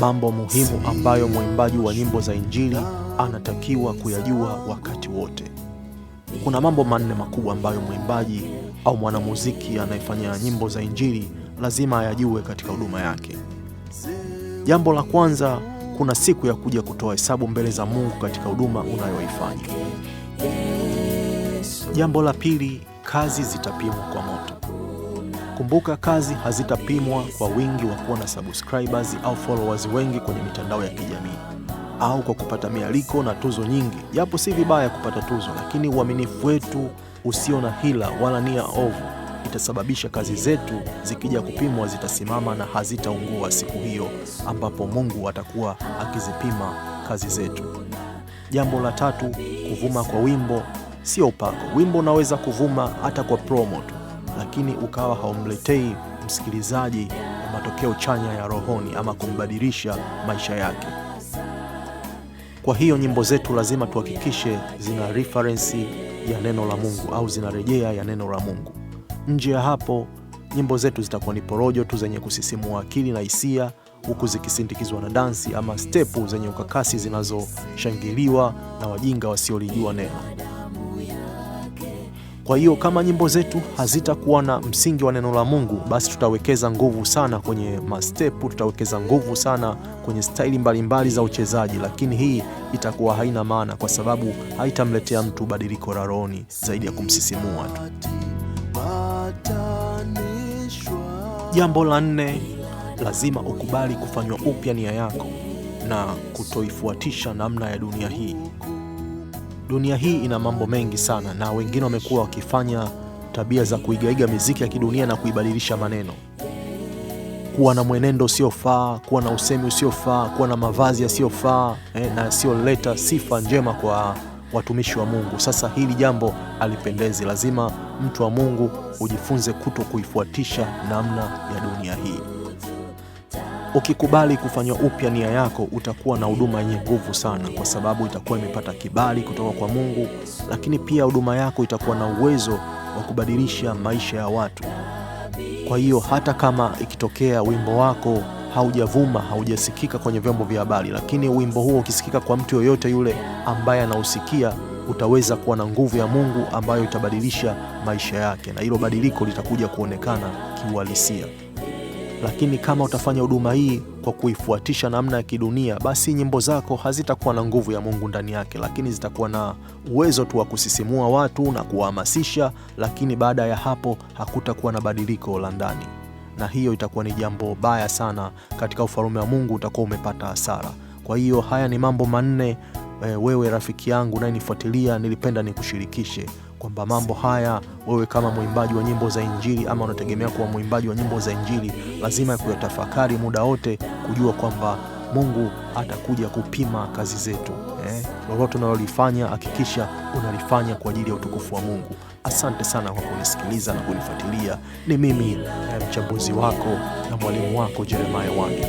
mambo muhimu ambayo mwimbaji wa nyimbo za Injili anatakiwa kuyajua wakati wote. Kuna mambo manne makubwa ambayo mwimbaji au mwanamuziki anayefanya nyimbo za Injili lazima ayajue katika huduma yake. Jambo la kwanza, kuna siku ya kuja kutoa hesabu mbele za Mungu katika huduma unayoifanya. Jambo la pili, kazi zitapimwa kwa moto. Kumbuka, kazi hazitapimwa kwa wingi wa kuwa na subscribers au followers wengi kwenye mitandao ya kijamii au kwa kupata mialiko na tuzo nyingi. Japo si vibaya kupata tuzo, lakini uaminifu wetu usio na hila wala nia ovu itasababisha kazi zetu zikija kupimwa zitasimama na hazitaungua siku hiyo ambapo Mungu atakuwa akizipima kazi zetu. Jambo la tatu, kuvuma kwa wimbo sio upako. Wimbo unaweza kuvuma hata kwa promo tu lakini ukawa haumletei msikilizaji matokeo chanya ya rohoni ama kumbadilisha maisha yake. Kwa hiyo nyimbo zetu lazima tuhakikishe zina referensi ya neno la Mungu au zinarejea ya neno la Mungu. Nje ya hapo, nyimbo zetu zitakuwa ni porojo tu zenye kusisimua akili na hisia, huku zikisindikizwa na dansi ama stepu zenye ukakasi zinazoshangiliwa na wajinga wasiolijua neno. Kwa hiyo kama nyimbo zetu hazitakuwa na msingi wa neno la Mungu, basi tutawekeza nguvu sana kwenye mastepu, tutawekeza nguvu sana kwenye staili mbalimbali za uchezaji, lakini hii itakuwa haina maana, kwa sababu haitamletea mtu badiliko la rohoni zaidi ya kumsisimua tu. Jambo la nne, lazima ukubali kufanywa upya nia yako na kutoifuatisha namna ya dunia hii dunia hii ina mambo mengi sana, na wengine wamekuwa wakifanya tabia za kuigaiga miziki ya kidunia na kuibadilisha maneno, kuwa na mwenendo usiofaa, kuwa na usemi usiofaa, kuwa na mavazi yasiyofaa eh, na yasiyoleta sifa njema kwa watumishi wa Mungu. Sasa hili jambo alipendezi lazima mtu wa Mungu ujifunze kuto kuifuatisha namna ya dunia hii. Ukikubali kufanywa upya nia yako, utakuwa na huduma yenye nguvu sana, kwa sababu itakuwa imepata kibali kutoka kwa Mungu, lakini pia huduma yako itakuwa na uwezo wa kubadilisha maisha ya watu. Kwa hiyo hata kama ikitokea wimbo wako haujavuma, haujasikika kwenye vyombo vya habari, lakini wimbo huo ukisikika kwa mtu yoyote yule ambaye anausikia, utaweza kuwa na nguvu ya Mungu ambayo itabadilisha maisha yake, na hilo badiliko litakuja kuonekana kiuhalisia. Lakini kama utafanya huduma hii kwa kuifuatisha namna ya kidunia, basi nyimbo zako hazitakuwa na nguvu ya Mungu ndani yake, lakini zitakuwa na uwezo tu wa kusisimua watu na kuwahamasisha, lakini baada ya hapo hakutakuwa na badiliko la ndani, na hiyo itakuwa ni jambo baya sana katika ufalme wa Mungu, utakuwa umepata hasara. Kwa hiyo haya ni mambo manne, eh, wewe rafiki yangu unayenifuatilia, nilipenda nikushirikishe kwamba mambo haya wewe kama mwimbaji wa nyimbo za Injili ama unategemea kuwa mwimbaji wa nyimbo za Injili, lazima kuyatafakari muda wote, kujua kwamba Mungu atakuja kupima kazi zetu eh. Lolote unalolifanya hakikisha unalifanya kwa ajili ya utukufu wa Mungu. Asante sana kwa kunisikiliza na kunifuatilia. Ni mimi eh, mchambuzi wako na mwalimu wako Jeremiah Wangi.